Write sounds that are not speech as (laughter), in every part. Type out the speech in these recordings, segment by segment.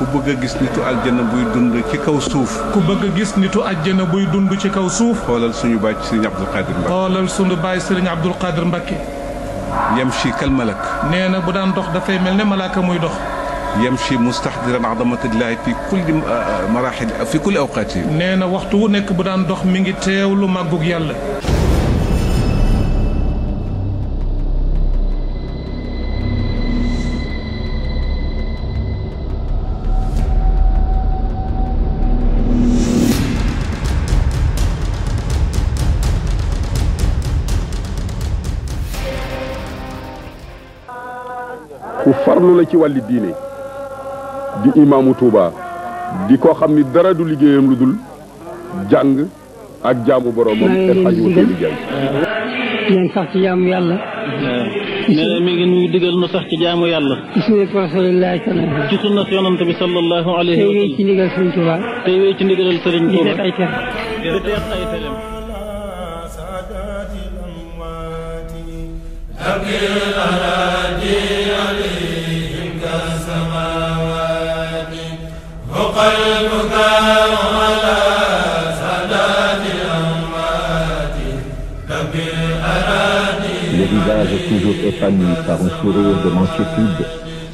ku bëgg a gis nitu aljana buy dund ci kaw suuf. ku bëgg a gis nitu aljana buy dund ci kaw suuf. xoolal suñu baay Serigne Abdoul Khadir Mbacke. xoolal suñu baay Serigne Abdoul Khadir Mbacke. yem si kal nee na bu daan dox dafay mel ne malaaka muy dox. yamshi mustahdiran azamatillahi fi kulli uh, marahil fi kulli awqaati. nee na waxtu wu nekk bu daan dox mi ngi teewlu màggug yàlla. farlu la ci wàlli diine di imaamu Touba di koo xam ni dara du liggéeyam lu dul jàng ak jaamu boromam El Hadj Ousseynou Diagne. jaamu yàlla. mi ngi nuyu digal nu sax ci jaamu yàlla. ci sunnat rasulillah ci sunnat Le visage toujours épanoui par un sourire de mansuétude,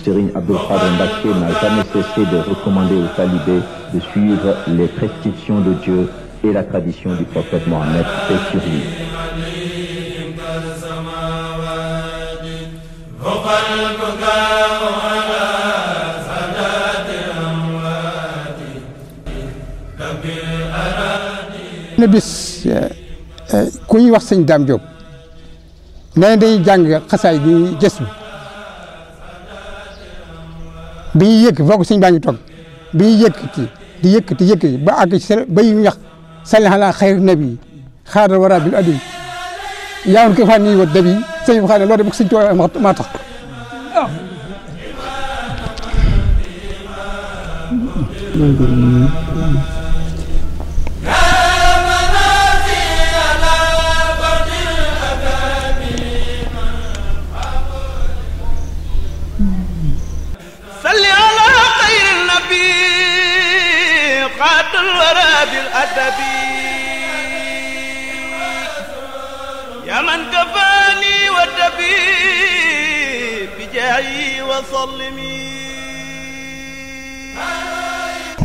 Serigne Abdoul Khadr n'a jamais cessé de recommander aux talibés de suivre les prescriptions de Dieu et la tradition du prophète Mohammed, paix sur bis eh, eh, ku ñuy wax sëñ Dame Diop nee na dañuy jàng xasaay bi gës bi bi ñuy yëkk foo ko sëñ baa ngi toog bi ñuy di yëkkati yëkkati ba àgg ci ba yu ñax sali nabi xaaral wara bil adim yaawoon ko faa nii wa dabi sëñ bi xaa ne loolu de sëñ Tuubaa maa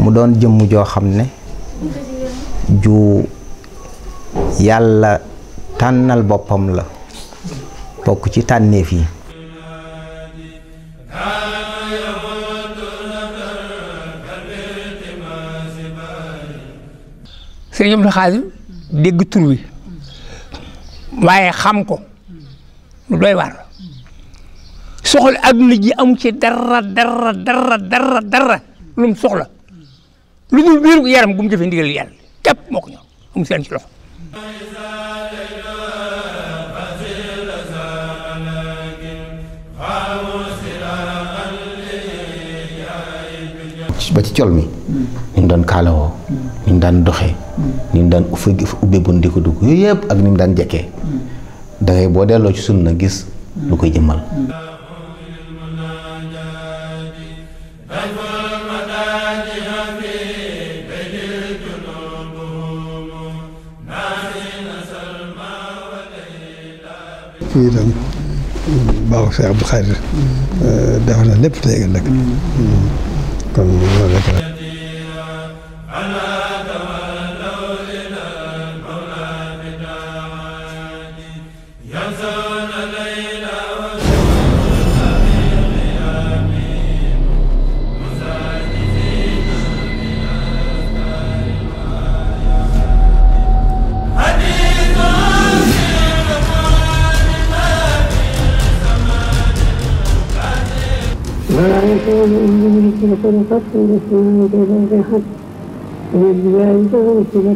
mu doon jëmm joo xam ne ju yàlla tànnal boppam la bokk ci tànneef yi sëriñ Abdou Khadir dégg tur wi waaye xam ko lu doy waar soxla adduna ji amu ci dara dara dara dara dara lu mu soxla lu dul biir yaram gu mu jëfee ndigal yàlla képp moo ko ñor amu seen ci loxo ba ci col mi ni mu daan kaalawoo ni mu ni mu daan ubbee bu di ko dugg yooyu yëpp ak ni mu daan jekkee mm. dangay boo delloo ci sunna gis mm. lu koy jëmmal mm. fii euh, na lépp tey nag kon loolu rek طريقة الإسلام بوضوح والزائدة والكبر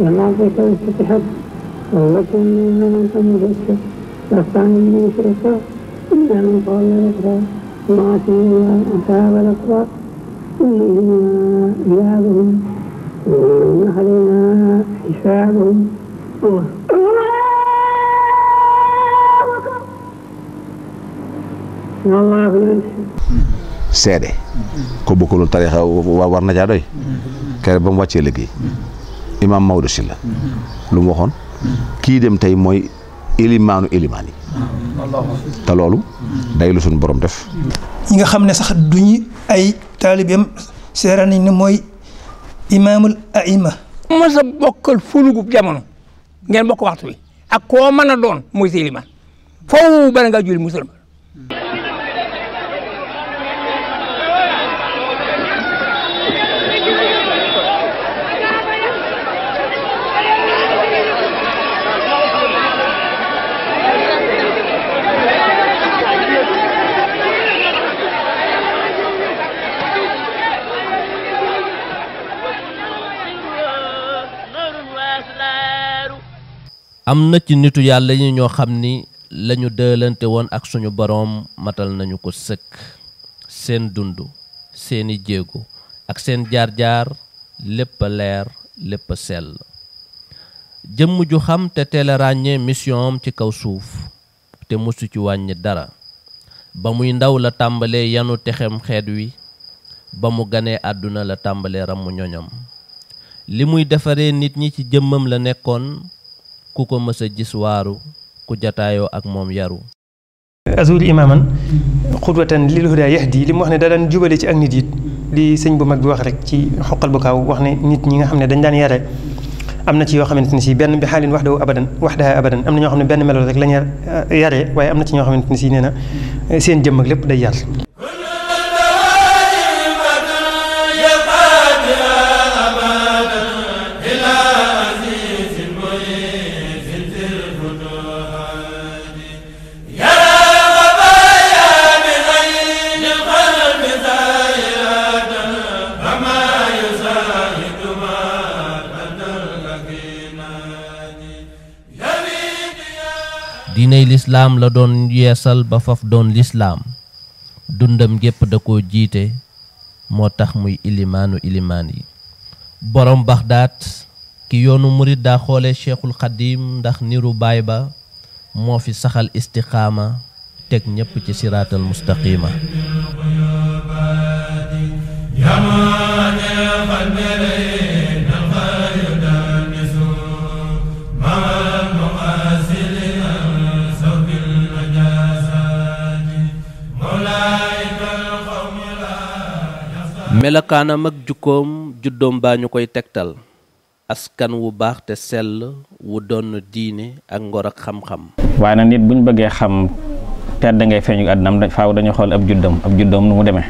والعاطفة والتتحد والوطن من المذكر والثاني من الشركاء إلا من قال الأخرى معتين وأصحاب الأخرى إنا ثيابهم ومن علينا حسابهم الله والله في seede ko bokkulul tarixa war na caa doy kere ba mu wàccee liggéey imaam Maodo Sylla lu mu waxoon kii dem tey mooy ilimaanu ilimaan yi te loolu day lu suñu borom def ñi nga xam ne sax duñu ay taalibeem seera nañ ne mooy imaamul aima ma sa bokkal fulugub jamono ngeen bokk waxtu wi ak doon mooy sa ilimaan foofu bala ngaa julli musulman am na ci nitu yàlla yi ñoo xam ni lañu ñu woon ak suñu boroom matal nañu ko sëkk seen dund seeni jéego ak seen jaar-jaar lépp a leer lépp a jëmm ju xam te teel a ràññee mission ci kaw suuf te mosu ci wàññi dara ba muy ndaw la tàmbalee yanu texem xeet wi ba mu ganee àdduna la tàmbalee ramu ñoñam li muy defaree nit ñi ci jëmmam la nekkoon ku ko mës a gis waaru ku jataayoo ak moom yaru azul imaaman xudwatan lil huda yahdi li mu wax ne da daan jubale ci ak nit yi li sëñ bu mag bi wax rek ci xoqal bu kaaw wax ne nit ñi nga xam ne dañ daan yare am na ci yoo xamante ne si benn bi xaalin wax daw abadan wax daa abadan am na ñoo xam ne benn melo rek la ñu yaree waaye am na ci ñoo xam ne si nee na seen jëmm ak lépp day yar diiney lislaam la doon yeesal ba faf doon lislaam dundam gépp da ko jiite moo tax muy ilimaanu ilimaan yi borom baxdaat ki yoonu murit daa xoole cheikhul xadim ndax niru baay ba moo fi saxal istiqaama teg ñépp ci siraatal mustaqima melokaanam ak jukkoom juddoom baa ñu koy tegtal askan wu baax te sell wu doon diine ak ngor ak xam-xam waaye nag nit bu ñu bëggee xam tedd dangay feeñu àddinam faaw dañu xool ab juddam ab juddoom nu mu demee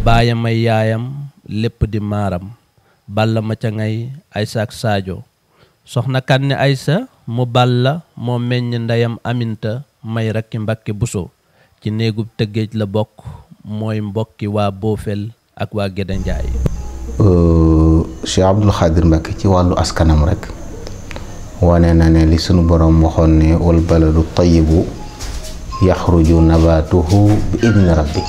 baayam ay yaayam lépp di maaram balla ma ca ngay aysa ak saajo soxna kànni aysa mu balla moo meññ ndeyam aminta may rakki mbakki buso ci néegub tëggeej la bokk mooy mbokki waa boofel ak waa Gédé Njaay euh, Cheikh Abdoul Khadir Mbacké ci wàllu askanam rek wane na ne li sunu boroom waxoon ne wal baladu tayyibu yaxruju nabaatuhu bi idni rabbi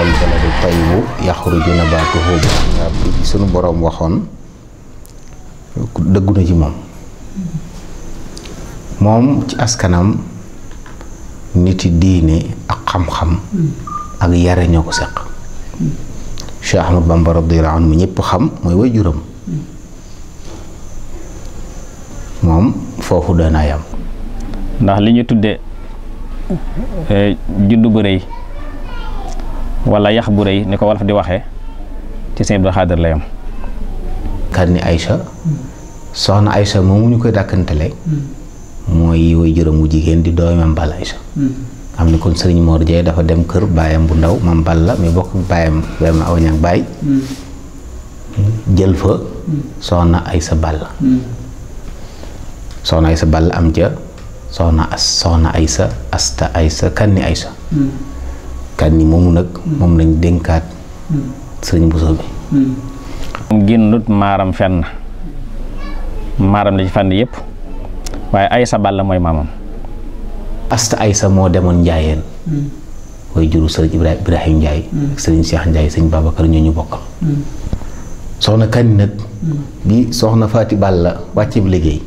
wal tayyibu yaxruju nabaatuhu bi idni rabbi sunu borom waxoon dëggu na ci moom moom ci askanam niti diine ak xam-xam hmm. ak yare ñoo ko seq Cheikh Ahmad Bamba radiyallahu anhu ñëpp xam mooy way juram moom foofu danaa ndax li ñu tudde eh, juddu bu rëy wala yax bu rëy ni ko wolof di waxe ci sëñ Abdou Khadr la kan ni Aïcha soxna Aïcha moomu ñu koy dàkkantale mm. mooy way juram wu jigéen di doomam bal Aïcha mm. xam ne kon sëriñ Mor Dieye dafa dem kër baayam bu ndaw mam Balla mi bokk baayam benn aw ñaag baay hmm. jël fa hmm. soxna Aysa Balla hmm. soxna Aysa Balla am ja soxna as soxna Aysa asta Aysa kanni Aysa moomu nag moom lañ dénkaat sëriñ Bousso bi moom génnut maaram fenn maaram la ci fànn yépp waaye Aysa Balla mooy maamam asta aysa moo demoon njaayeen hmm. way juru sëriñ ibrahim ibrahim hmm. njaay sëriñ seex njaay sëñ babacar ñoo ñu bokkal hmm. soxna kani nag bi soxna faati bàll la wàcceeb liggéey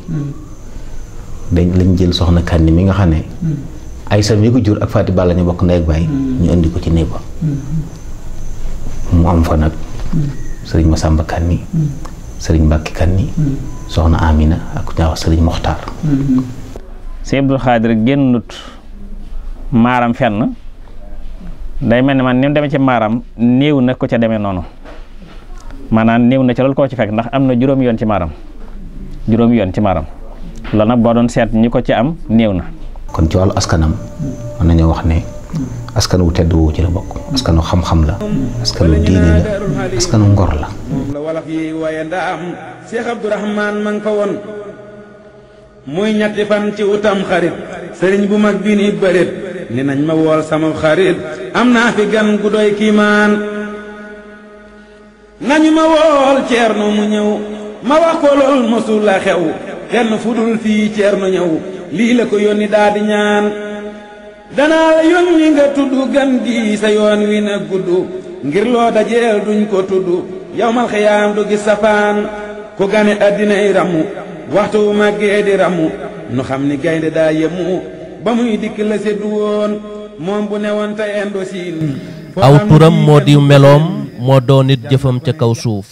dañ lañ jël soxna kani mi nga xam ne aysa mi ko jur ak faati bàll ñu bokk ndey ak baay ñu indi ko ci néeg ba mu am fa nag sëriñ masamba kani sëriñ mbàkki kani soxna amina ak ñaaw sëriñ moxtaar sëñ Abdul Xaadir génnut maaram fenn day mel ni man ni deme ci maaraam néew na ko ca demee noonu maanaam néew na ca loolu koo ci fekk ndax am na juróom yoon ci maaram juróom yoon ci maaram loolu nag boo doon seet ñi ko ci am néew na. kon ci wàllu askanam mën nañoo wax ne askan wu tedd woowu ci la bokk la askanu diine la askanu la. ko woon. muy ñetti fan ci utam xarit sëriñ bu mag bi ni bërit ni nañ ma wool sama xarit am naa fi gan gu doy kiimaan nañu ma wool ceerno mu ñëw ma wax ko lool mosul la xew fu dul fii ceerno ñëw lii la ko yónni daa di ñaan danaa la yónni nga tudd gan gi sa yoon wi na gudd ngir loo dajeel duñ ko tudd yawmal xiyaam du gis safaan ku gane addina i ramu waxtu wu màggee di ramu nu xam ni gaynde daa yemu ba muy dikk la sedd woon moom bu newoon te aw turam moo di meloom moo doon it jëfam ca kaw suuf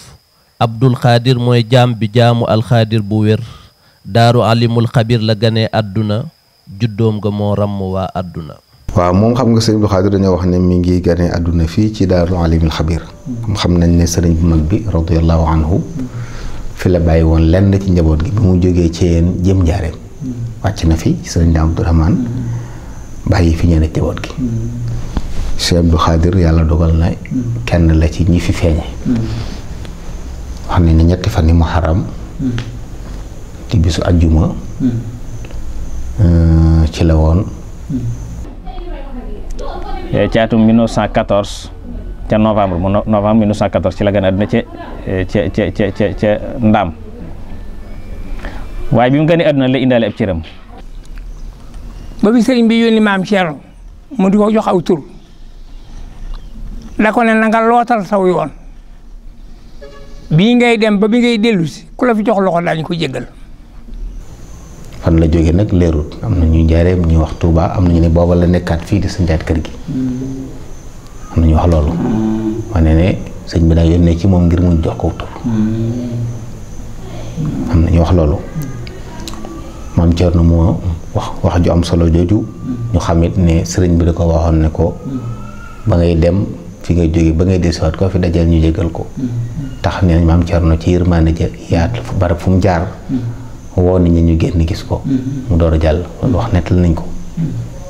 abdul xaadir mooy jaam bi jaamu alxaadir bu wér daaru alimul xabir la ganee àdduna juddoom nga moo ràmm waa àdduna waaw moom xam nga sëriñ bu xaadir dañoo wax ne mi ngi ganee àdduna fii ci daaru alimul xabir xam nañ ne sëriñ bu mag bi radiallahu anhu fi la bàyyi woon lenn ci njaboot gi bi mu jógee ci yéen jëm njaareem mm-hmm. wàcc na fi sëriñ Daam Abdourahmane mm-hmm. bàyyi fi ñeneen njaboot gi mm-hmm. Cheikh Abdou Khadir yàlla dogal na kenn la ci ñi fi feeñe wax ne ne ñetti fan yi mu di bisu ajjuma euh, ci la woon eh, caatum 1914 ca novembre mu novembre 1914 ci la gën a àdduna ca ca ca ca ca ndaam waaye bi mu gën a àdduna la indaale ab cëram. ba bi sëriñ bi yónni maam Thierno mu di ko jox aw tur la ko ne na nga lootal saw yoon bii ngay dem ba bi ngay dellusi si ku la fi jox loxo daañu ko jéggal. fan la jóge nag leerut am na ñu njaareem ñuy wax Touba am na ñu ne booba la nekkaat fii di sa njaat kër gi. Hmm. wax loolu ma ne ne sëñ bi daa ne ci moom ngir mu jox ko tur am nañu wax loolu maam Thierno moo wax wax ju solo jooju ñu xamit ne sëriñ bi da ko waxoon ne ko ba ngay dem fi ngay jóge ba ngay desiwaat ko fi dajal ñu jégal ko tax ne maam Thierno ci yërmaande ja yaat barab fu mu jaar woo nit ñi ñu génn gis ko mu door a jàll loolu wax nettal nañ ko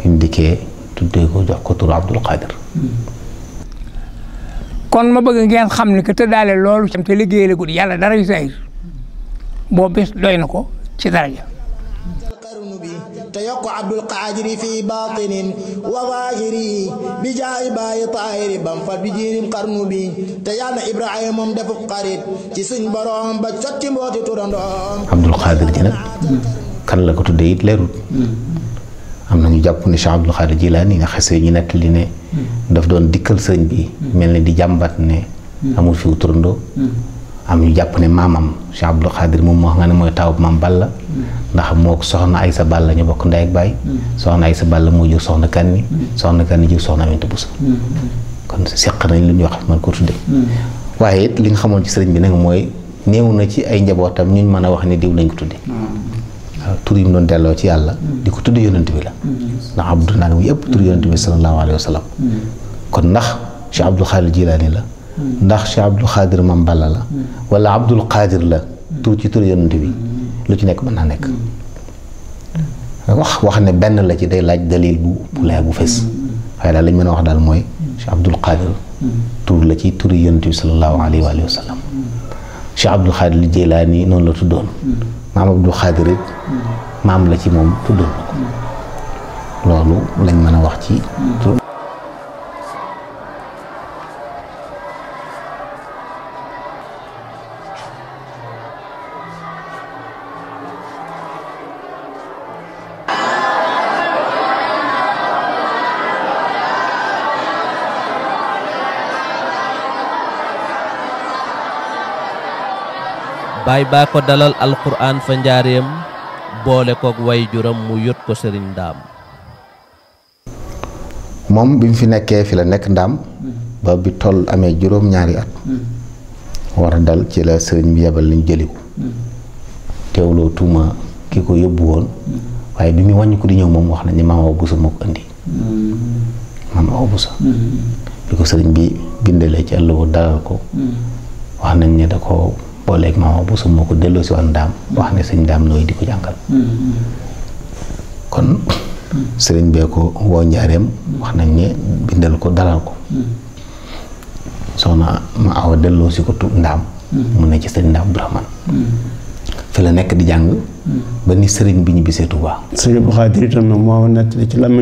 bi mu dikkee tuddee ko jox ko turu Abdul Qadir kon ma bëgg ngeen xam ne que te loolu tam te liggéeyal guddi yàlla dara yu say boo bés doy na ko ci dara ja te yokk Abdul Qaadiri fi baatinin wa zaahiri bi jaay bàyyi taahiri bam fat bi jiirim xarnu bi te yal na Ibrahima moom ci suñ boroom ba sotti mbooti turandoom Abdul Qaadir ji nag la ko tuddee it leerut hmm. am na ñu jàpp ne Cheikh Abdul Xaadir Jilaani nga xasee ñu li ne. daf doon dikkal sëñ bi. mel ni di jàmbat ne. amul fi turandoo. am ñu jàpp ne maamam Cheikh Abdul Xaadir moom moo xam ne mooy taawu maam Balla. ndax moo ko soxna Aysa Balla ñu bokk ndey ak baay. soxna Aysa Balla moo jur soxna Kanni. soxna Kanni jur soxna Aminta Bousso. kon seq nañ lu ñuy wax man ko tudde waaye li nga xamoon ci sëriñ bi nag mooy néew na ci ay njabootam ñu mën a wax ne diw lañ ko tuddee tur yi mu doon delloo ci yàlla mm. di ko tudd yonent bi la mm. ndax abdu naa ne mu yëpp tur yonent bi sallallahu alayhi wa mm. kon ndax Cheikh Abdul Xaadir Jilaani la ndax Cheikh Abdul Xaadir Mam la wala Abdul Xaadir la tur ci tur bi lu ci nekk mën naa nekk wax wax ne benn la ci day laaj dalil bu bu lay lañ mën a wax daal mooy Cheikh Abdul Xaadir tur la ci turi yonent bi sallallahu alayhi wa sallam Cheikh Abdul Xaadir Jilaani noonu la tuddoon maam Abdou Khadir it maam la ci moom tuddoon ko loolu lañ mën a wax ci baay baa ko boole koog way juram mu sëriñ ndaam moom bi mu fi nekkee fi la nekk ndaam ba bi toll amee juróom ñaari at war a dal ci la sëriñ bi yebal lañ jëliw teewloo tuuma ki ko yóbbu woon waaye bi muy wàññi ko di ñëw moom wax nañ ni maam aw busa bi ko sëriñ bi bindalee ci àll dalal ko wax nañ ni da ko booleeg maama bu su moo ko delloo si wan daam wax ne sañ daam nooy di ko jàngal kon sëriñ bee ko woo wax nañ ne bindal ko dalal ko soxna ma awa delloo si ko tu ndaam mu ne ci sëriñ ndaam Abdourahmane fi la nekk di jàng ba ni sëriñ bi ñu bisee Tuubaa sëriñ bu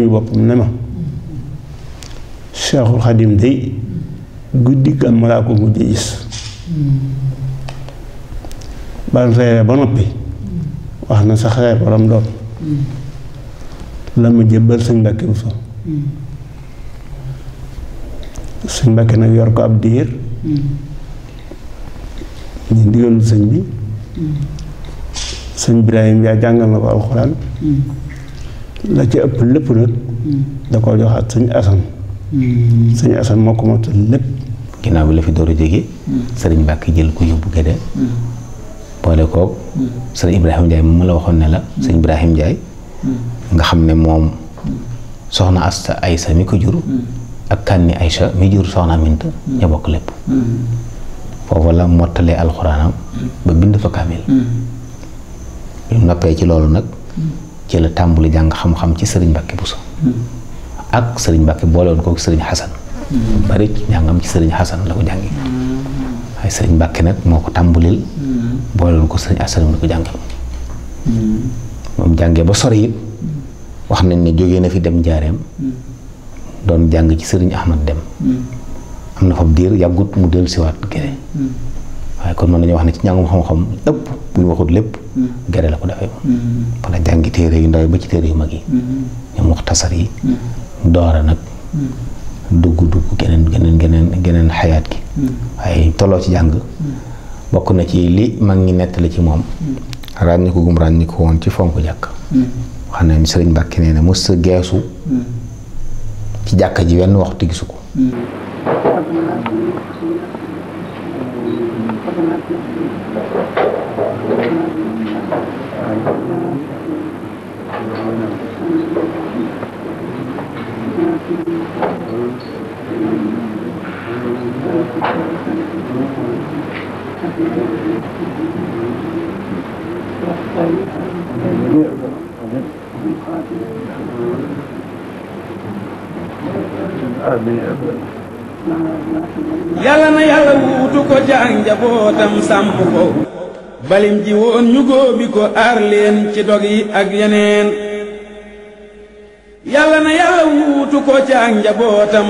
boppam ne ma Seexul Xaadim day guddi gàmm laa ko mujj gis bal reere ba noppi wax na sax reer waram doon la ma jébbal sëñ Mbàkke Buso sëñ Mbàkke nag yor ko ab diir ñu ndigalul sëñ bi sëñ Birahim yaa jàngal na ko alxuraan la ci ëpp lépp nag da koo joxaat sëñ Asan sëñ Asan moo ko motal lépp ginnaaw bi la fi door a jóge sëriñ jël ko yóbbu Gede boole koog sëriñ Ibrahima Ndiaye moom ma la waxoon ne la sëriñ Ibrahima Ndiaye nga xam ne moom soxna Asta Aysa mi ko jur ak kànni Aysa mi jur soxna Aminta ña bokk lépp foofu la mottalee alxuraanam ba bind fa kaamil bi noppee ci loolu nag ci la tàmbali jàng xam-xam ci sëriñ Mbàkke Buso ak sëriñ Mbàkke boole woon koog sëriñ Xasan bari njàngam ci sëriñ Xasan la ko jàngi waaye sëriñ Mbàkke nag moo ko tàmbalil boolewoon ko sëñ Assane mu ko jàngal. moom jàngee ba sori yi wax nañ ne jógee na fi dem njaareem doon jàng ci sëriñ Ahmad dem am na fab diir yàggut mu dellu siwaat gere waaye kon mën nañu wax na ci njàngum xam-xam ëpp bu ñu waxut lépp gere la ko defee moom fa la jàngi téere yu ndaw ba ci téere yu mag yi ñoom muxtasar yi doora nag dugg dugg geneen geneen geneen geneen xayaat gi waaye tolloo ci jàng bokk na ci li mag ñi nettali ci moom ràññiku gum ràññiku woon ci fonk jàkk xam ne sëriñ Mbàkke nee na geesu ci jàkk ji wenn waxtu gisu ko yàlla na yàlla wuutu ko ca ak njabootam sàmp ko woon ñu góobi aar leen ci dog yi ak yeneen yàlla na yàlla wuutu ko ca ak njabootam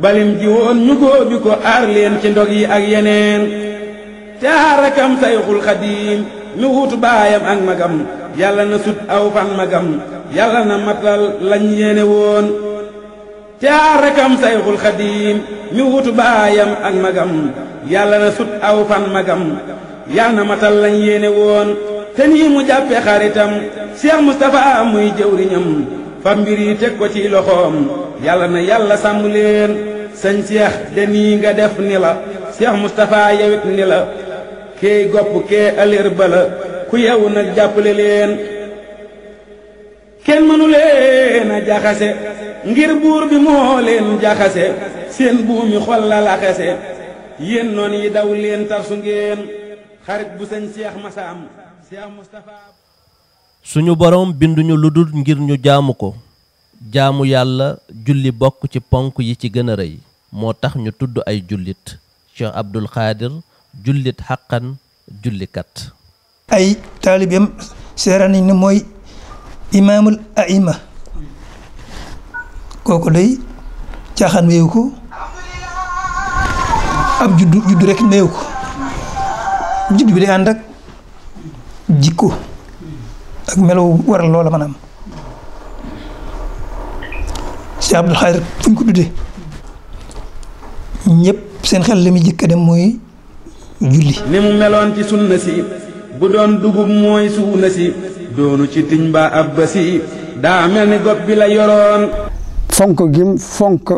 balim ji woon ñu góobi ko aar leen ci ndog yi ak yeneen te aarakam sayxul xadiim mi wuutu baayam ak magam yàlla na sut aw fan magam yàlla na matal lañ yéene woon te aarakam sayxul xadiim mi wuutu baayam ak magam yàlla na sut aw fan magam yàlla na matal lañ yéene woon te nii mu jàppe xaritam Cheikh Moustapha muy jëwriñam fa mbir yi teg ko ci loxoom yàlla na yàlla sàmm leen sëñ Cheikh de nii nga def ni la Cheikh Moustapha yewit ni la gopp kee aléer bala ku yewu nag jàppale leen kenn mënu leen jaxase ngir buur bi moo leen jaxase seen buumi xol la laxase yéen noon yi daw leen tar su ngeen xarit bu sëñ Cheikh Massa am Cheikh Moustapha suñu borom binduñu lu dul ngir ñu jaamu ko jaamu yàlla julli bokk ci ponk yi ci gën a rëy moo tax ñu tudd ay jullit Cheikh Abdul Xaadir jullit xaqan jullikat ay taalibeem seera nañ ne mooy imaamul aima kooku day caaxaan weewu ko ab juddu juddu rek meewu ko juddu bi day ànd ak jikko ak melo waral loola maanaam Cheikh Abdoul Khadr fu ñu ko tuddee ñëpp seen xel li muy jëkk dem mooy julli. ni mu meloon ci sunna si bu doon dugub mooy suuna si doonu ci tiñ ba ab ba si daa mel ni gopp bi la yoroon. fonk gim fonk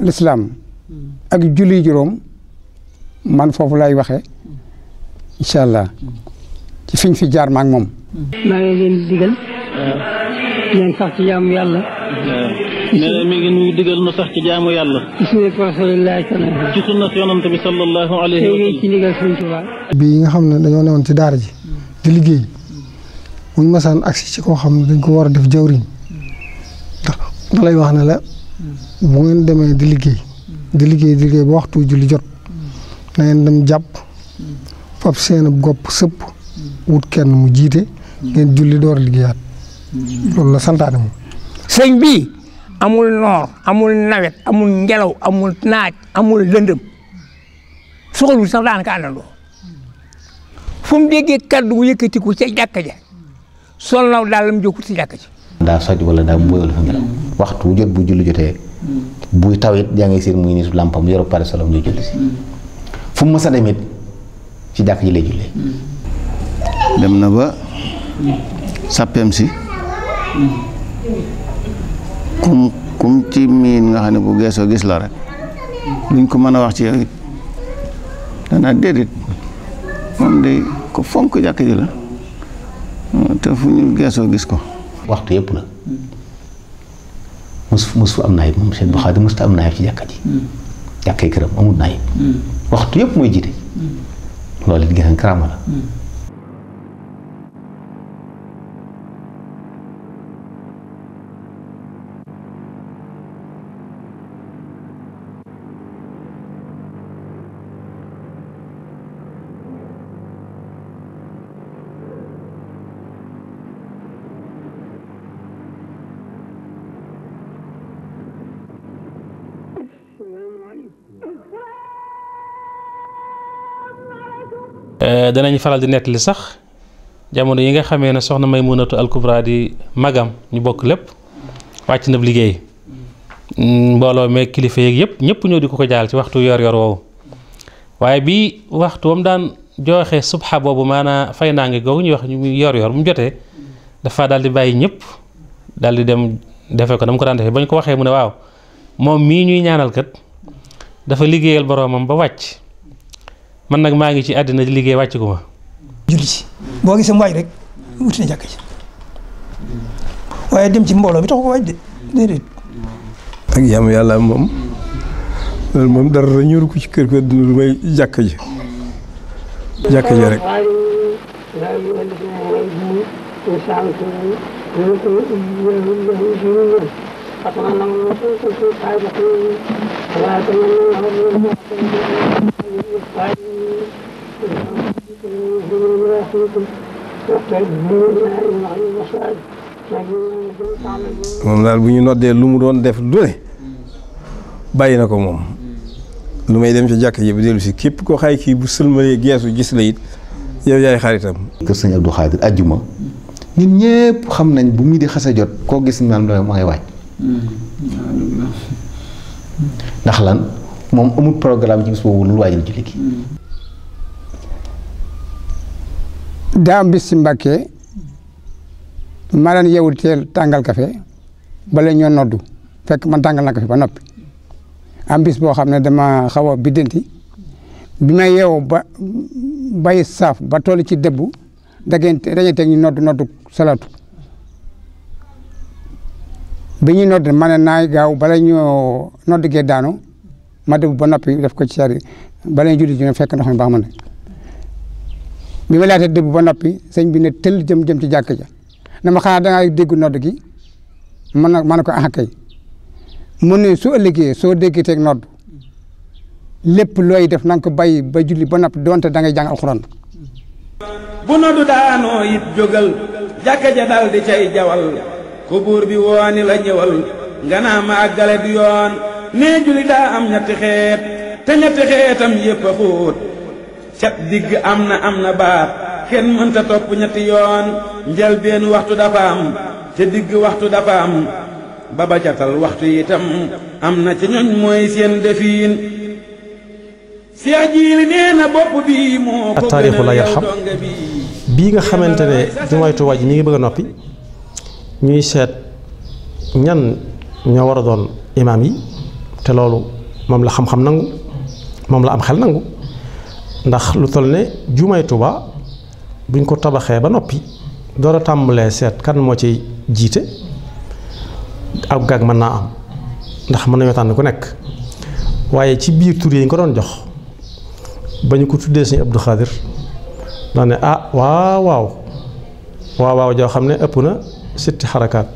lislaam ak julli juróom man foofu lay waxe incha allah ci fiñ fi jaar maak moom. maa ngi leen digal. ngeen sax ci jaamu yàlla. nee na mi bii nga xam ne dañoo newoon ci daara ji. di liggéey buñ masaan agsi ci koo xam ne dañ ko war a def jawriñ ndax lay wax ne la bu ngeen demee di liggéey. di liggéey di waxtu julli jot. na ngeen dem jàpp. fab seen gopp sëpp. wut kenn mu jiite. ngeen julli door liggéeyaat. loolu la santaane moom. sëñ bi. amul noor amul nawet amul ngelaw amul naaj amul lëndëm soxalul sax daanaka àndandoo fu mu déggee kaddu gu yëkkatiku ca jàkka ja sol naw daal la mu jógul ci jàkk ji. daa soj wala daa mbooy wala fa ngelaw waxtu wu jot bu julli jotee. buy taw it yaa ngi seen muy nitu làmpam yoru pare solam ñuy julli si. fu mu mës a ci jàkk ji lay jullee. dem na ba sàppeem si. Hmm. kum kum ci miin nga xam ne bu geesoo gis la rek luñ ko mën a wax ci yow it danaa déedéet moom de ko fonk jàkk ji la te fu ñu geesoo gis ko waxtu yëpp la mus mus fu am naayib moom seen Buxaari mus ta am naayib ci jàkka ji mm. jàkkay këram amul naayib mm. waxtu yëpp mooy jiite mm. loolu it geneen karaama la Euh, danañ faral di nettali sax jamono yi nga xamee ne soxna Maymunatu Alkubra di magam ñu bokk lépp wàcc na liggéey mm, mbooloo meeg kilifa yeeg yëpp ñëpp ñëw di ko ko jaal ci waxtu yor-yor woowu waaye bi waxtu wam daan jooxe subxa boobu maanaa fay naa ngi googu ñu wax ñu yor-yor bu mu jotee dafa daal di bàyyi ñëpp dal di dem defee ko dama ko daan defee ba ñu ko waxee mu ne waaw moom mii ñuy ñaanal dafa liggéeyal boroomam ba wàcc. man nag maa ngi ci àddina di liggéey wàcc ko ma. julli ci boo gisee mu waaj rek wuti na jàkka ci waaye dem ci mbooloo mi tax ko waaj de déedéet. ak yam yàlla moom ci kër ga lu may ji jàkka ji rek. moom daal bu ñu noddee lu mu doon def du ne bàyyi na ko moom lu may dem ci jàkk ji ba dellu si képp koo xay kii bu sëlmalee geesu gis la it yow yaay xaritam kër sëñ Abdou Khadir ajjuma nit ñëpp xam nañ bu mu di xase jot koo gis naan ma ngay wàcc ndax lan moom amul programme ci bis boobu lu waajal julli gi daa am si Mbàkke maa daan yeewul teel tàngal kafe bala ñoo noddu fekk ma tàngal na kafe ba noppi am bis boo xam ne dama xaw a biddanti bi ma yeewoo ba bay saaf ba toll ci dëbbu daggeen dañuy teg ñu noddu noddu salaatu bi ñu nodd ma ne naay gaaw bala ñoo nodd gee daanu ma dugg ba noppi def ko ci saari bala ñu julli ci fekk ndox mi baax ne bi ma laata dëbb ba noppi sëñ bi ne tëll jëm jëm ci jàkk ja na ma xanaa dégg nodd gi man na ma ko ah kay mu ne su ëllëgee soo déggee teg nodd lépp looy def na nga ko bàyyi ba julli ba noppi donte da ngay jàng bu noddu daanoo it jógal jàkka ja di cay jawal ku buur bi wooni la ñëwal nga naa ma àggale du yoon nee julli daa am ñetti xeet te ñetti xeetam yépp a xóot cat digg am na am na baat kenn mënta topp ñetti yoon njëlbeen waxtu dafa am te digg waxtu dafa am baba catal waxtu itam am na ci ñoñ mooy seen defiin Seex Jiili nee na bopp bi moo ko taarixu la yarxam bii nga xamante ne jumaay Tuubaa ji ñu ngi bëgg a noppi ñuy seet ñan ñoo war a doon imaam yi te loolu moom la xam-xam nangu moom la am xel nangu ndax lu toll ne jumaay Tuuba buñ ko tabaxee ba noppi door a tàmbalee seet kan moo ci jiite ab gag mën naa am ndax man nañoo tànn ku nekk waaye ci biir tur yi ñu ko doon jox ba ñu ko tuddee sëñ Abdou Khadir daa ne ah waaw waaw waaw waaw joo xam ne ëpp na sitti xarakaat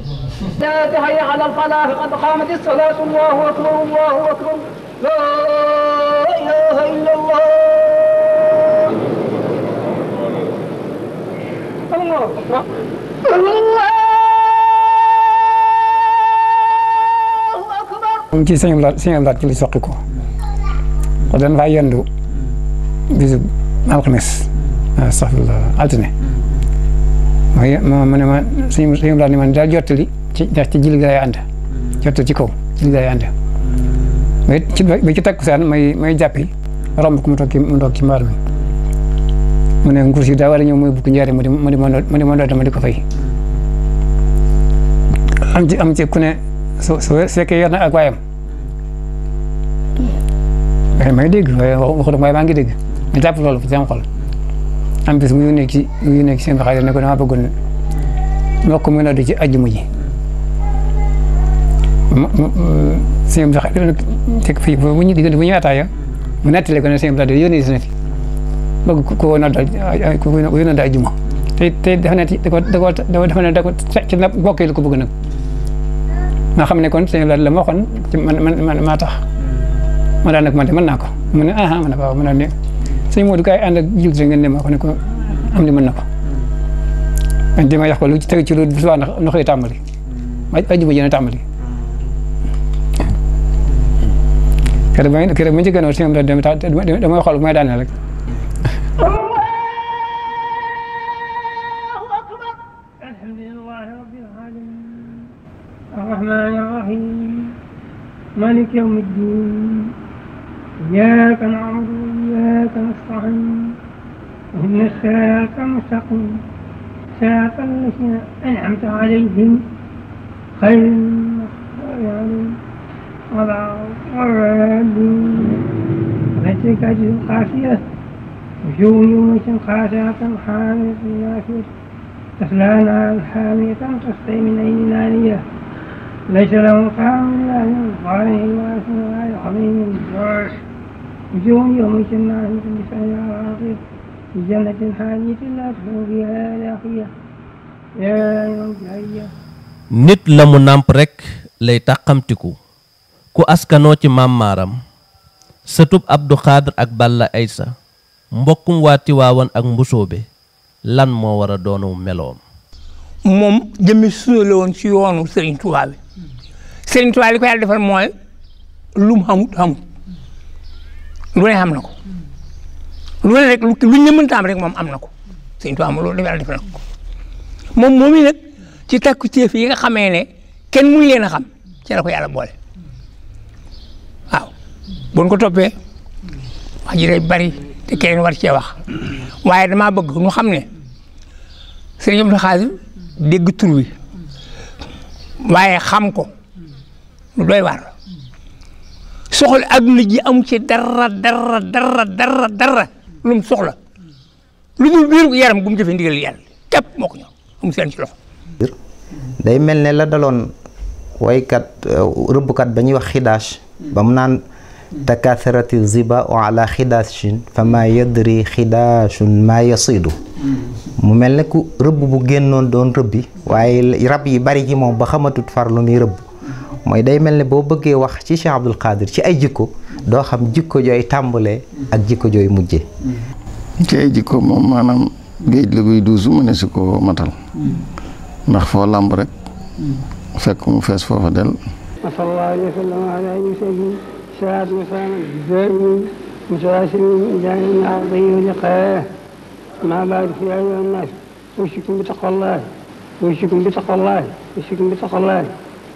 لا تهيأ على الفلاح قد قامت الصلاة الله أكبر الله أكبر لا إله إلا الله الله أكبر mu ngi ciy sëñ Abdoulaye sëñ Abdoulaye ci li soqi ko dañ faa yendu bisu alxames astafirullah altine mooy ma ma ne ma suñu suñu daal ne ma daal jottali ci ndax ci jil gi lay ànd jottali ci kaw jil gi lay ànd mais ci ba ci takkusaan may may jàppi romb ku mu ne nguur si daa war a ñëw mooy bukki njaare mu di mu di ma mu di ma ko fay am ci am ci ku ne su su fekkee yor na ak waayam waaye maa ngi dégg maa ngi dégg ma jàpp loolu ci sama xol am bis mu yónnee ci mu yónnee ci seen xarit ne ko damaa bëggoon mbokk mu noddu ci ajjuma ji mu mu seen sax teg fii bu ñu diggante bu ñu ataaya mu nettali ko ne seen sax si na fi bëgg ku ko noddal ku ko te te dafa ne da ko da ko dafa ne da ko ci mbokk yi la ko bëgg nag ma xam ne kon seen la ma waxoon ci man man maa tax ma daal nag de mën naa ko mu ne ah ah ma ne waaw sëñ Modou kaay ànd ak jullit rek ngeen ne ma ko ne ko am di mën na ko man dama yàq ko lu ci teg ci loolu bu subaa na koy tàmbali ajuma jëna tàmbali keroog ba ngeen keroog ba ñu ci gënoon si ñoom damay damay xool bu may daaneel rek الرحمن الرحيم مالك يوم الصراط المستقيم إن الصراط المستقيم صراط الذين أنعمت عليهم خير المغضوب عليهم ولا الضالين وتلك أجل القاسية وجوه يومئذ خاشعة حاملة ناصية تصلى نارا حامية تسقي من عين نارية ليس لهم طعام إلا من ضرع ولا حميم جوش وجوه يومئذ nit la nàmp rekk lay tàqamtiku ku askanoo ci mammaaram sëtub Abdu Xaadir ak Balla Aysa mbokkum waa Tiwaawan ak mbusoobe lan moo wara a doonu meloom moom jëmmi sunu la woon ci yoonu Sëriñ Tuubaa Sëriñ Tuubaa li ko yàlla defal mooy lu mu xamut lu ne xam na ko lu rek luñ la mënta am rek moom am na ko sëñ Tuubaa loolu dafa def na ko moom moom yi nag ci takku ceef yi nga xamee ne kenn mënu leen a xam ci ko yàlla boole waaw buñ ko toppee wax ji day bari te keneen war cee wax waaye damaa bëgg ñu xam ne sëriñ Abdou Khadre dégg tur wi waaye xam ko lu doy waar soxla adduna ji amu ci dara dara dara dara dara lu soxla lu dul biiru yaram gu mu jëfee ndigal yàlla képp moo ko loxo. day mel ne la daloon waykat euh, rëbbkat ba ñuy wax xidaash ba mu naan takasarati ziba o ala xidaashin fa ma yadri xidaashun ma yasidu mu mel ne ku rëbb bu génnoon doon rëbbi waaye rab yi bari ji moom ba xamatut far lu muy rëbb mooy day mel ne boo bëggee wax ci Cheikh Abdoul Khadir ci ay jikko doo xam jikko jooy tàmbalee ak jikko jooy mujje ci ay jikko moom maanaam géej la guy duusu mu ne si ko matal ndax foo làmb rek fekk mu fees foofa del sallallahu alayhi wa sallam ala sayyidina salaatu wa salaam daa'imin mutawaasilin ilaa ardihi wa liqaa'ihi maa ba'du naas usiikum bi taqwallaah usiikum bi taqwallaah usiikum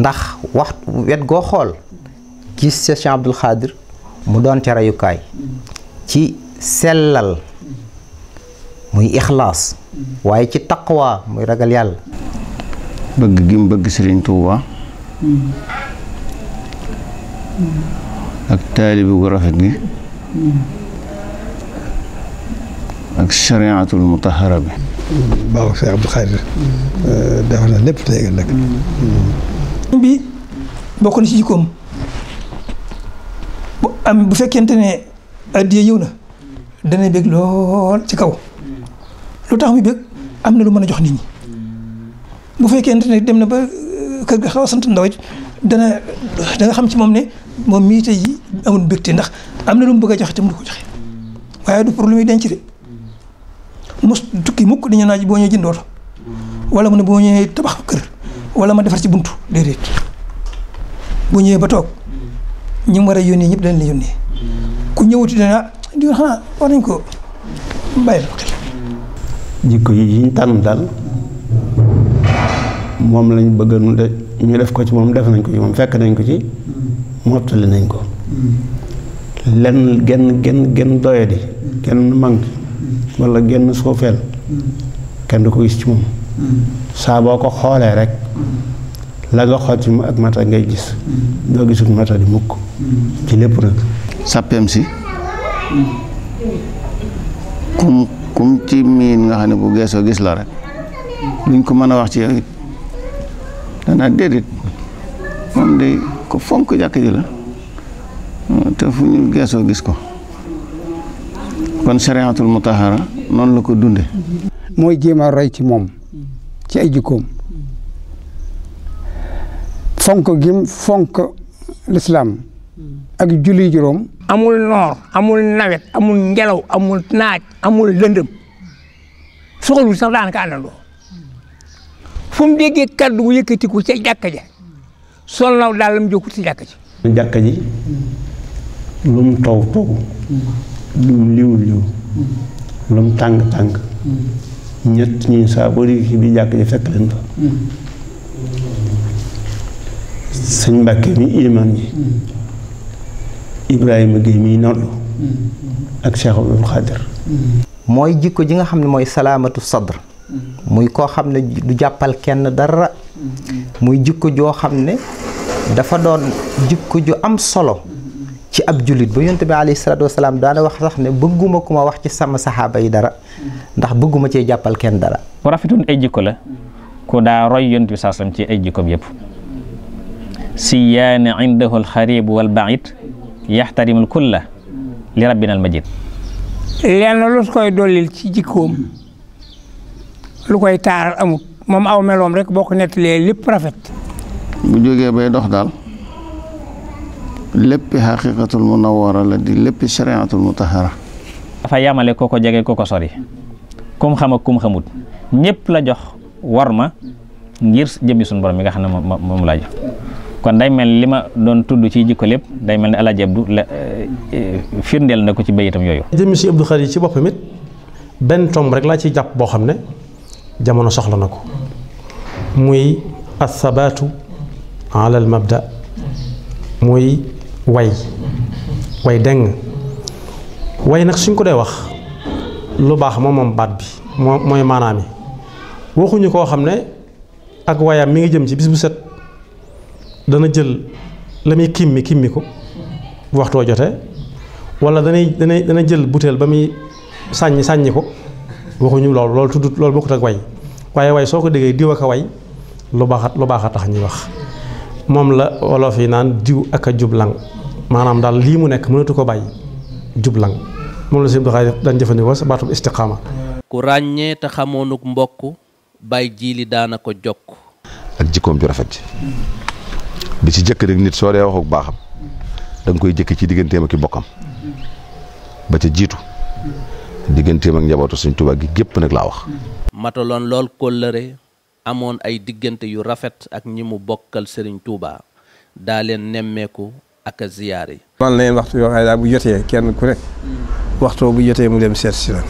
ndax wax wet goo xool gis ca Cheikh Abdul Xaadir mu doon ca rayukaay ci sellal muy ixlaas waaye ci taqwa muy ragal yàlla bëgg gi mu bëgg Sëriñ Tuuba ak taalibi bu rafet bi ak shariatul mutahara bi baaw bi bokk na ci jikkoom bu am bu fekkente ne addiya ñëw na dana bég lool ci kaw lu tax muy bég am na lu mën a jox nit ñi bu fekkente ne dem na ba euh, kër ga xaw a sant ndaw it dana da xam ci moom ne moom mii tey amul bégte ndax am na lu mu bëgg a joxe te mu du ko joxe waaye du problème yi denc de mos tukki mukk dañu naaj boo ñëwee jëndooto wala mu ne boo ñëwee tabax kër wala ma defar ci buntu déedéet bu ñëwee ba toog ñi mu war a yónnee ñëpp dañ la yónnee ku ñëwuti dana di ko bàyyi la xel jikko yi ñu tànn daal moom lañ bëgg ñu def ko ci moom def nañ ko ci moom fekk nañ ko ci mottali nañ ko lenn genn genn genn doyadi genn mànk genn suufeel kenn du ko gis moom saa boo ko xoolee rek la nga xotti mu ak mata ngay gis doo gisul mata di mukk ci lépp nag sàppeem si kum kum ci miin nga xam ne bu geesoo gis la rek luñ ko mën a wax ci yow it danaa déedéet moom de ko fonk jàkk la te fu ñu geesoo gis ko kon shariatul mutahara noonu la ko dunde mooy jéem roy ci moom ci ay fonk gim fonk lislaam ak julli juróom amul noor amul nawet amul ngelaw amul naaj amul lëndëm soxlawul sax daanaka àndandoo fu mu déggee kaddu gu yëkkatiku ca jàkka ja sol naw daal la mu jókku ci jàkka ji jàkka ji lu mu taw taw liw liw lu tàng tàng ñett ñi saa boo déggee jàkka ji fekk leen fa sëñ Mbàkke mi ilimaan ji Ibrahima Guèye miy nollu ak Cheikh Abdoul mooy jikko ji nga xam ne mooy salaamatu sadr muy koo xam ne du jàppal kenn dara muy jikko joo xam ne dafa doon jikko ju am solo ci ab jullit ba yonte bi alayhi salaatu wasalaam daana wax sax ne bëgguma ku ma wax ci sama saxaaba yi dara ndax bëgguma cee jàppal kenn dara ku rafetoon ay jikko la ku daa roy yonte bi ci ay jikkoom yëpp siyaani indahu alxarib walbaid yaxtarimul kulla li rabbina almajid lenn lu koy dollil ci jikkoom lu koy taaral amut moom aw meloom rek boo ko nettalee lépp rafet bu jógee bay dox daal lépp xaqiqatul munawara la di léppi shariatul mutahara dafa yamale koo ko jege koo ko sori kum xam ak kum xamut ñëpp la jox war ma ngir jëmmi suñu borom mi nga xam ne moom moom laa jox kon day mel li ma doon tudd ci jikko lépp day mel ne Alaaji Abdu la eh, eh, firndeel na ko ci bayitam yooyu. jëmmi si Abdou Khari ci boppam it benn tomb rek laa ciy jàpp boo xam ne jamono soxla na ko muy athabaatu ala mabda muy way way deng way nag suñ ko dee wax lu baax moom moom baat bi moo mooy maanaam waxuñu koo xam ne ak wayam mi ngi jëm ci bis bu set. dana jël la muy kimmi kimmi ko bu waxtoo jotee wala danay danay dana jël butéel ba muy sàññi sàññi ko waxuñu loolu loolu tudd loolu bokkut ak way waaye soo ko déggee diw ak a way lu baax a lu baax a tax ñuy wax moom la wolof yi naan diw ak a jublang maanaam daal lii mu nekk mënatu ko bàyyi jublang moom la si doxaay daan jëfandikoo sa baatub istiqaama ku ràññee te xamoonuk mbokk bàyyi jiili daana ko jokk ak jikkoom ju rafet ji bi ci jëkk rek nit soo dee waxu baaxam da koy jëkk ci digganteem ak i bokkam ba ca jiitu digganteem ak njabootu Sëñ Tuubaa gi gépp nag laa wax. mataloon lool kóllëre amoon ay diggante yu rafet ak ñi mu bokkal sëriñ Touba daa leen nemmeeku ak a ziyaar yi. man leen waxtu yoo xam ne daal bu jotee kenn ku ne waxtoo bu jotee mu dem seet si la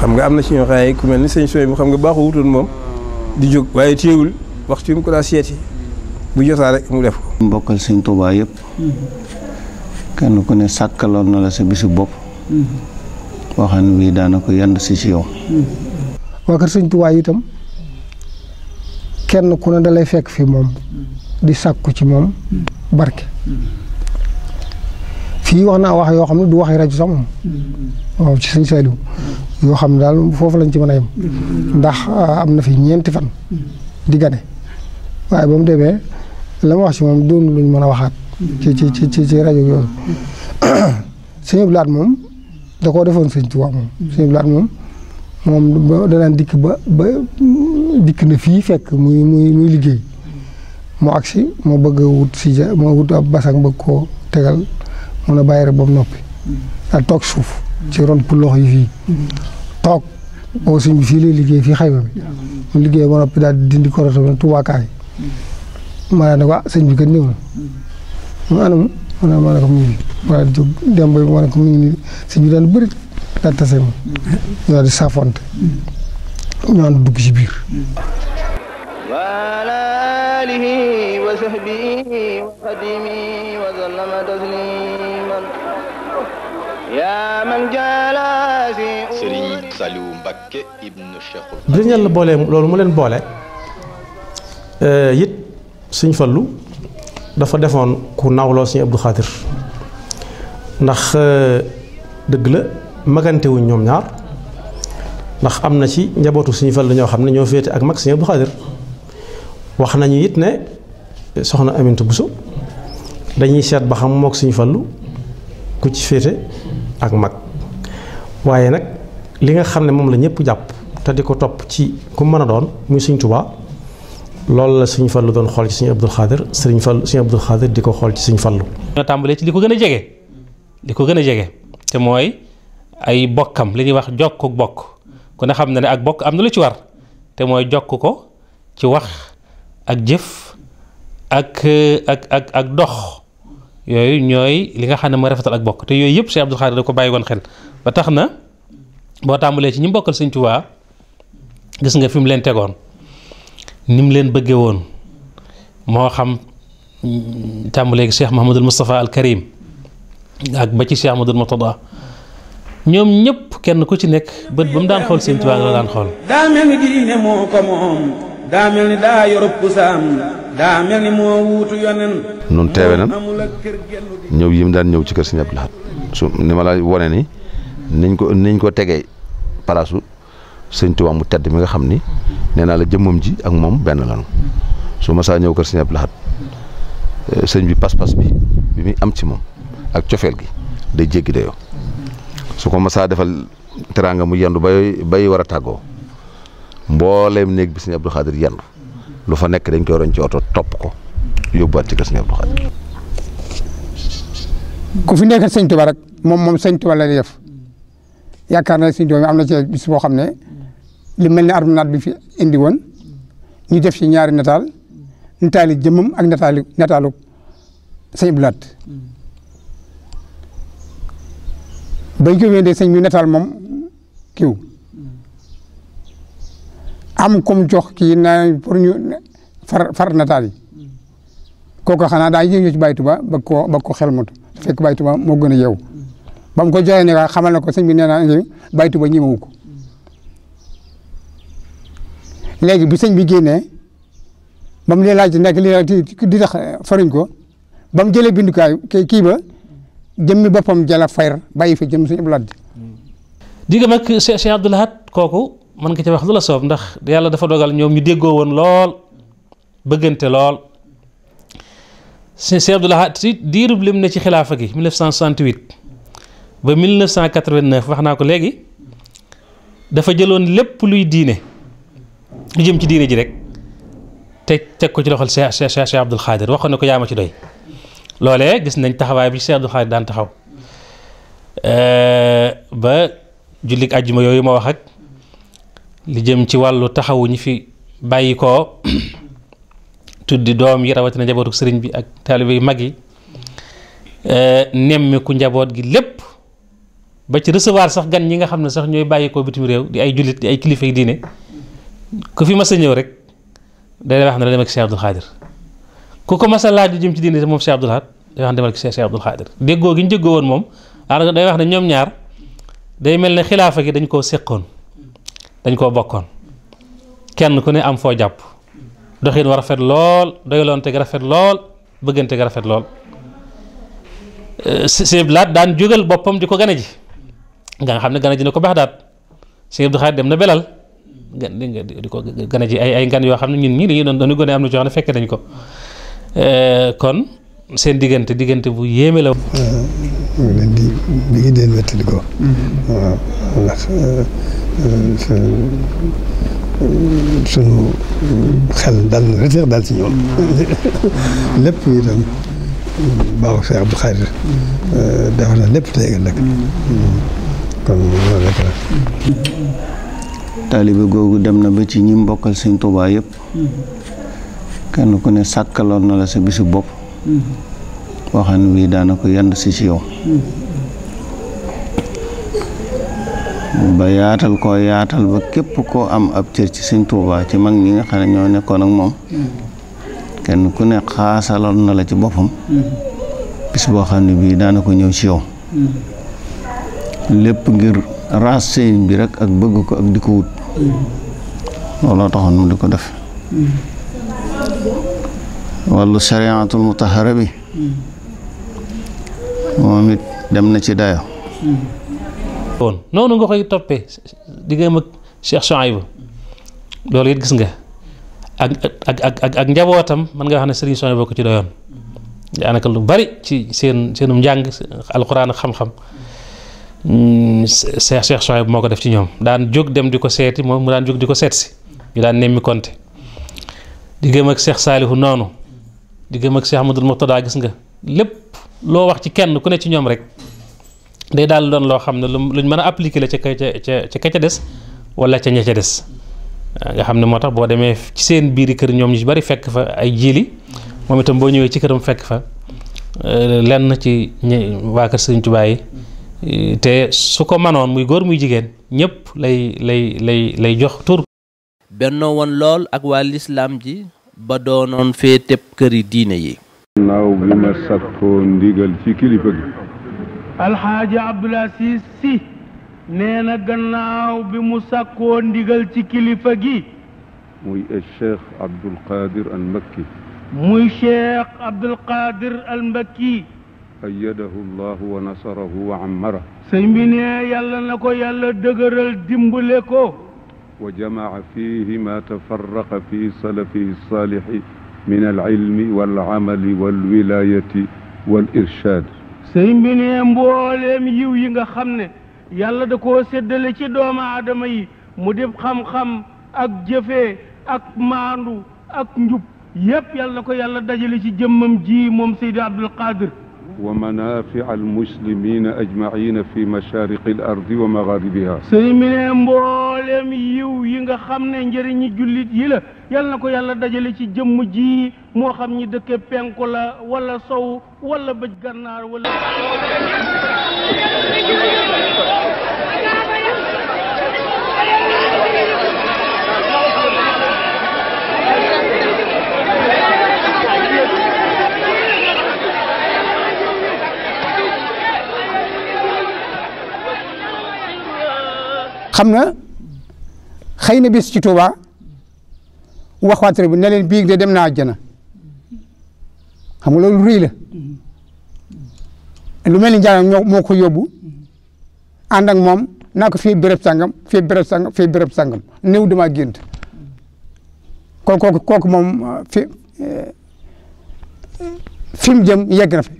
xam nga am na ci ñoo xam ku mel ni sëñ Soy bu xam nga baaxu wutoon moom di jóg waaye téewul waxtu yi seeti. bu jotaa rek mu def ko. mbokkal sëñ Tuubaa yëpp. Mm-hmm. kenn ku ne sàkkaloon na la sa bisu bopp. waxaan mm-hmm. wi daana ko yand si yow. Mm-hmm. waa kër sëñ Tuubaa itam kenn ku ne dalay fekk fi moom di ko ci moom barke. fii wax naa wax yoo xam ne du waxi rajo sax moom waaw ci sëñ Saliou yoo xam ne daal foofu lañ ci mën a yem ndax ah, am na fi ñeenti fan di gane waaye ba mu demee la ma wax si moom doon luñ mën a waxaat. ci ci ci ci rajo yooyu. (coughs) sëñ Blaat moom da koo defoon sëñ Tuubaa moom. sëñ moom da danaan dikk ba ba dikk na fii fekk muy muy muy liggéey. moo agsi mu bëgg a wut si moo wut ab basang bëgg koo tegal mun a bàyyi rek ba mu noppi. daal toog suuf. ci ron pulox yi fii. toog boo sëñ bi fii lay liggéey fi xayma bi. mu liggéey ba noppi daal di dindi korota bi tubaakaay. ma ne ko ah sëñ bi gën ñëw na mu anam ma ne ma ne ko mu ngi waaye jóg dem ba ma ne mu ngi nii sëñ bi daan bëri daan tase ma ñoo di saafonte ñoo ànd dugg ci biir وصحبه وخديمه وسلم تسليما يا من جلاسي Serigne Saliou boole loolu mu leen boole Euh, it sëñ Fallu dafa defoon ku nawloo sëñ Abdou Khadir ndax euh, dëgg la magante wuñ ñoom ñaar ndax am na ci njabootu suñu Fallu ñoo xam ne ñoo féete ak mag sëñ Abdou Khadir wax nañu it ne soxna Aminta Bousso dañuy seet ba xam mook suñu Fallu ku ci féete ak mag waaye nag li nga xam ne moom la ñëpp jàpp te di ko topp ci ku mën a doon muy sëñ Tuubaa loolu la suñu Fallu doon xool ci sëñ Abdul Xaadir sëriñ Fallu sëñ Abdul Xaadir di ko xool ci suñu Fallu ñoo tàmbalee ci li ko gën a jege li ko gën a jege te mooy ay bokkam li ñuy wax jokk bokk ku ne xam na ne ak bokk am na lu ci war te mooy jokk ko ci wax ak jëf ak ak ak ak dox yooyu ñooy li nga xam ne mooy rafetal ak bokk te yooyu yëpp sëñ Abdul Xaadir da ko bàyyi woon xel ba tax na boo tàmbalee ci ñi bokkal sëñ Tuubaa gis nga fi mu leen tegoon ni mu leen bëggee woon moo xam mm, tàmbaleegi cheikh Mahamadul Moustapha al Karim ak ba ci cheikh Mahamadul Murtada ñoom ñëpp kenn ku ci nekk bët ba mu daan xool seen tubaab la daan xool. daa mel ni daa yorub kusaam daa teewe nan ñëw yi mu daan ñëw ci kër Sëñ Abdul Ahad su ni ma la wone ni niñ ko niñ ko tegee palaasu sëñ Tuubaa mu tedd mi nga xam ni nee naa la jëmmam ji ak moom benn lanu su ma saa ñëw kër sëñ Abdou Lahad eh, sëñ bi pas-pas bi bi muy am ci moom ak cofeel gi day jéggi dayoo su ko masaa defal teraanga mu yendu bay bay war a tàggoo mbooleem néeg bi sëñ Abdou Khadir yendu lu fa nekk dañ koy roñ ci oto topp ko yóbbuwaat ci kër sëñ Abdou Khadir ku fi nekkal sëñ Tuubaa rek moom moom sëñ Tuubaa la def yaakaar na sëñ Tuubaa am na ci bis boo xam ne li mel ne arme naat bi fi indi woon ñu def ci ñaari nataal nataali jëmmam ak nataali nataalu sëñ Abdou Lahad bañ ko sëñ bi nataal moom kiw am comme jox kii far far nataal yi kooku xanaa daa yëngu ci Baye Touba ba ko ba ko xel mut fekk Baye Touba moo gën a yeewu ba mu ko joxee ne xamal na ko sëñ bi nee naa Baye Touba ñëwawu ko léegi bi sëñ bi génnee ba mu leen laaj nekk li di tax eh, faruñ ko ba mu jëlee bindukaay kii ba jëmmi boppam jala fayar bàyyi fi jëm suñu ablaat di digam ak Cheikh Abdou Lahad kooku mën nga ci wax lu la soob ndax yàlla dafa dogal ñoom ñu déggoo woon lool bëggante lool Cheikh Abdou Lahad si diirub lim na ci xilaafa gi 1968 ba 1989 wax naa ko léegi dafa jëloon lépp luy diine lu jëm ci diine ji rek teg teg ko ci loxol Cheikh Cheikh Cheikh Abdoul Khadir waxoon na ko yaa ma ci doy loolee gis nañ taxawaay bi Cheikh Abdoul Khadir daan taxaw ba jullik àjjuma yooyu ma wax ak li jëm ci wàllu taxawu ñi fi bàyyi koo (coughs) tuddi doom yi rawatina njabootu sëriñ bi ak taalibe yu mag yi nemmiku njaboot gi lépp ba ci recevoir sax gan ñi nga xam ne sax ñooy bàyyi koo bitim réew di ay jullit di ay kilifa yi diine ku fi mas a ñëw rek day wax ne la ak Cheikh Abdoul Khadir ko mas a laaj jëm ci diine moom Cheikh Abdoul Khadir day wax ne demal ak Cheikh Abdoul Khadir déggoo gi ñu déggoo woon moom daanaka day wax ne ñoom ñaar day mel ne xilaafa gi dañ koo séqoon dañ koo bokkoon kenn ku ne am foo jàpp doxin wa rafet lool doyloonte gi rafet lool bëggante gi rafet lool Sëñ laat daan jógal boppam di ko gane ji nga xam ne gane ji ne ko baax daat Sëñ Abdoul Khadir dem na belal gan dégg ay ay gan yoo xam ne ñun ñii li ñu doon doon gone am na ci yoo xam ne fekke nañ ko euh, kon seen diggante diggante bu yéeme la. di mi ngi leen wettali ko. waaw ndax euh, xel dal na dal ci ñoom. Mm-hmm. lépp itam baaxul Cheikh Abdou Khadir euh, defar na lépp tey nag. Mm-hmm. Mm-hmm. kon loolu rek la. taalibe googu dem na ba ci ñi mbokkal sëñ Tuubaa yëpp mm-hmm. kenn ku ne sàkkaloon na la sa bisu bopp boo xam ne bii daana ko yand si mm-hmm. ba yaatal koo yaatal képp koo am ab cër ci mag ñi nga xam ñoo nekkoon ak moom mm-hmm. kenn ku ne xaasaloon na la ci boppam bis bii daana ko ñëw ci yow lépp ngir raas sëñ bi rek ak bëgg ko ak di ko wut looloo taxoon mu di ko def wàllu shariatul mutahara bi moom it dem na ci dayo woon noonu nga koy toppee diggam ak Cheikh Souaïbou loolu it gis nga ak ak ak njabootam mën nga xam ne Serigne Souaïbou ko ci doyoon daanaka lu bari ci seen seenum njàng alxuraan ak xam-xam Hmm, Cheikh Cheikh bi moo ko def ci ñoom daan jóg dem di ko seeti moom mu daan jóg di ko seet si ñu daan nemmi konte di gëm ak Cheikh Saalihu noonu di gëm ak Cheikh Amadul Murtada gis nga lépp loo wax ci kenn ku ne ci ñoom rek day daal doon loo xam ne luñ mën a appliquer la ca ca ca ca ca des wala ca ña ca des nga xam ne moo tax boo demee ci seen biiri kër ñoom ñu bari fekk fa ay jiili moom itam boo ñëwee ci këram fekk fa euh, lenn ci waa kër Sëriñ Tuubaa Eh, te su ko manoon muy góor muy jigéen ñëpp lay lay lay lay jox tur bennoo woon lool ak waa lislaam ji ba doonoon fee tëb këri diine yi gi alxaaji abdul asiis si nee na gannaaw bi mu sakkoo ndigal ci kilifa gi muy cheikh abdul qadir al makki muy cheikh abdul qadir al makki ayyadahu llahu wa nasarahu wa ammara sëñ yàlla na ko yàlla dëgëral dimbale ko wa jamaa fiihi ma tafarraqa fi salafihi saalihi min alilmi walamali walwilayati walirshad sëñ bi ne mbooleem yiw yi nga xam ne yàlla da koo seddale ci doomu aadama yi mu def xam-xam ak jëfee ak maandu ak njub yépp yàlla na ko yàlla dajale ci jëmmam ji moom Seydi Abdul ومنافع المسلمين أجمعين في مشارق الأرض ومغاربها sëriñ mi ne mboolem yiw yi nga xam ne njëriñi jullit yi la yal na ko yàlla dajale ci jëmm ji moo xam ñi dëkke penku la wala sow wala bëj gànnaar wala xam na xëy na bis ci Tuuba waxwaatare bi ne leen biig de dem naa àjjana xam nga loolu rëy la lu mel ni njaaram moo ko yóbbu ànd ak moom naa fii béréb sangam fii béréb sangam fii béréb sangam néew damaa gént kon kooku kooku moom fi fi mu jëm yegg na fi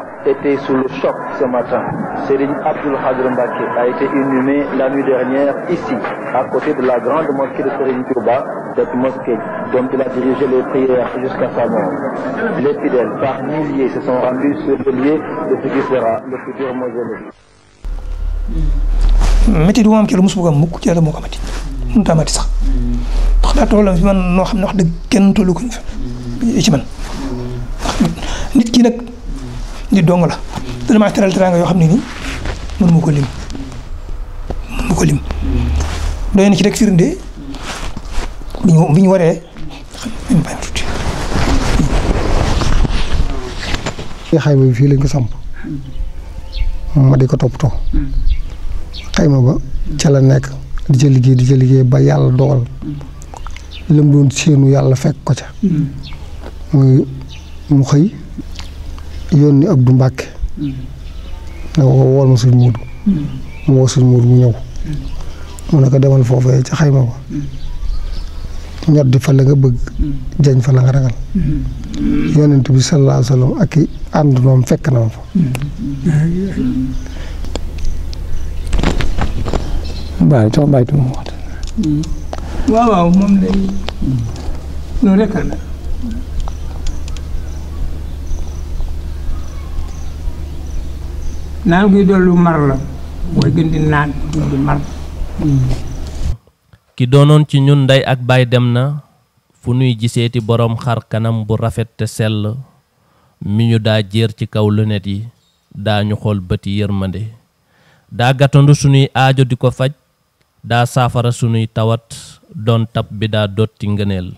Touba était sous le choc ce matin. Serine Abdul Khadr Mbake a été inhumé la nuit dernière ici, à côté de la grande mosquée de Serine Touba, cette mosquée dont il a dirigé les prières jusqu'à sa mort. Les fidèles, par milliers, se sont rendus sur le lieu de ce qui sera le futur mausolée. métti du ma am ci la mos bëgg mukk ci yàlla moo ko amati mënut a amati sax ndax daa tollam fi man noo xam ne nit ki nag nit dong la. dana maa teral teraanga yoo xam ne nii mënu ko lim mënu ko lim. doy na ci rek firnde bi bi ñu waree xam nañ tuuti. xayma bi fii lañ ko samp ma di ko toppatoo xayma ba ca nekk di ca liggéey di ca liggéey ba yàlla dogal lam doon séenu yàlla fekk ko ca hmm. mu xëy yónni Abdou Mbacke. Mm-hmm. ne ko wool ma suñ muudu. Mm-hmm. mu woo suñ muudu mu ñëw. Mm-hmm. mu ne ko demal foofee ca xayma ba. ñor di nga bëgg. jañ fa nga ragal. yonent bi sallallahu alayhi wa ak i ànd fekk na ma fa. waaw waaw moom lay loolu rek la. naan guy la mooy ki doonoon ci ñun ndey ak baay dem na fu nuy giseeti boroom xar kanam bu rafet te sell mi ñu daa jéer ci kaw lunet yi daa ñu xool bëti yërmande daa gàttandu sunuy aajo di ko faj daa saafara sunuy tawat doon tab bi daa dotti ngëneel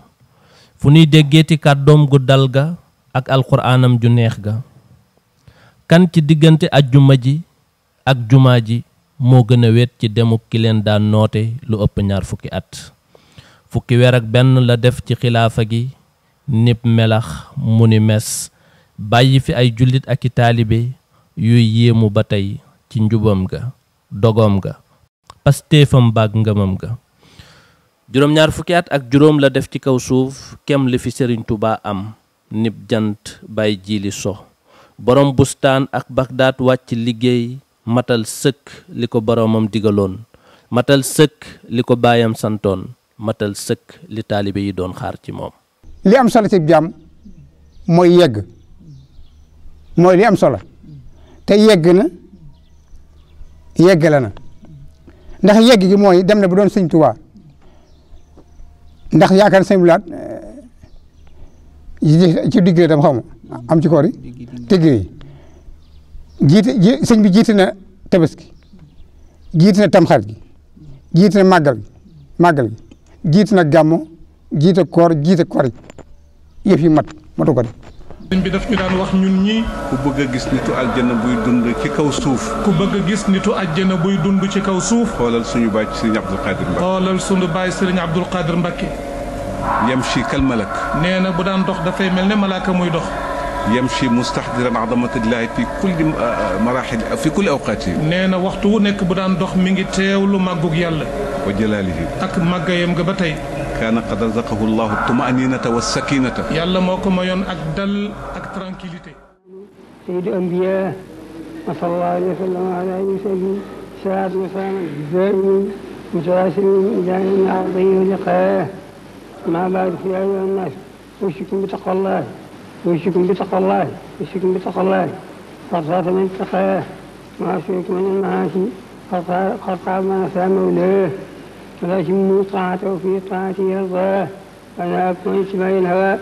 fu ñuy déggeeti kàddoom gu dal ga ak alxuraanam ju neex ga kan ci diggante ajjuma ji ak juma ji moo gën a wéet ci demuk ki leen daan noote lu ëpp ñaar fukki at fukki werak benn la def ci xilaafa gi nib melax mu ni mes bàyyi fi ay jullit ak i taalibe yuy yéemu ba tey ci njubam ga dogoom ga pastéefam baag ngëmam ga juróom-ñaar fukki at ak juróom la def ci kaw suuf kem li fi Sëriñ Tuubaa am nib jant bàyyi jiili so borom bustaan ak bagdaat wàcc liggéey matal sëkk li ko boromam digaloon matal sëkk li ko baayam santoon matal sëkk li taalibe yi doon xaar ci moom li am solo ci jàmm mooy yegg mooy li am solo te yegg na yeggale na ndax yegg gi mooy dem na bu doon sëñ waa ndax yaakaar sëñ Bulaat ci digg la tam xaw ma am ci koor yi tege yi jiite ji sëñ bi jiite na tebes gi jiite na tamxarit gi jiite na màggal gi màggal gi jiite na gàmmo jiite koor jiite koor yi yëf yi mat matu ko de sëñ bi daf ñu daan wax ñun ñi ku bëgg a gis nitu aljana buy dund ci kaw suuf ku bëgg a gis nitu aljana buy dund ci kaw suuf xoolal suñu baay sëriñ Abdul Qadir Mbakke xoolal suñu baay sëriñ yam si malak nee bu daan dox dafay mel ne malaaka muy dox yamshi mustahdiran azamatillahi fi kulli ah, ah, marahil ah, fi kulli awqaati nee na waxtu wu nekk bu daan dox mi ngi teewlu màggug yàlla wa jalaalihi ak màggayam nga ba tey kaana qad razaqahu llahu tumaninata wa sakinata yàlla moo ko mayoon ak dal ak tranquillité sayyidu anbiya sallallahu alayhi wa sallam ala alihi wa sahbihi salaatu wa salaaman daimin mutawasimin ila yawmi ardihi wa liqaa'ihi amma ba'du fa yaa ayyuhan naas usiikum bi taqwallahi يوشكم بتقوى الله يوشكم بتقوى الله قد فات من اتقاه وعافيت من المعاصي قد طاب ما نسى مولاه ولكن طاعته في طاعته يرضاه أنا أبقى اتباع الهوى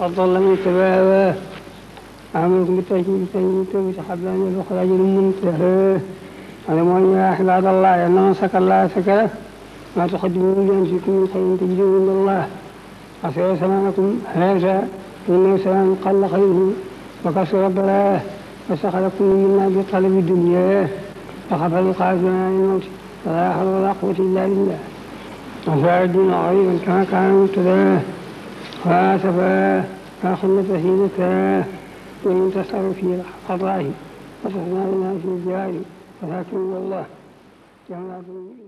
قد ضل من اتباع هواه أعملكم بالتجميل بالتجميل حبل أن يدخل أجل منتهاه اعلموا أن يا عباد الله أن أنسك الله سكره ما تقدموا لأنفسكم من خير تجدوه من الله عسى زمانكم هذا فإنه سواء قل خيره وكسر ضلاه وسخر كل منا بطلب دنياه فخف لقاء ثناء الموت فلا حول ولا قوة إلا بالله وفاعدون غريبا كما كان مبتداه وآسفاه فأخذنا سهيلتاه وإن تسأل في قضائه وتحنى بنا في الجار فذاك الله جمال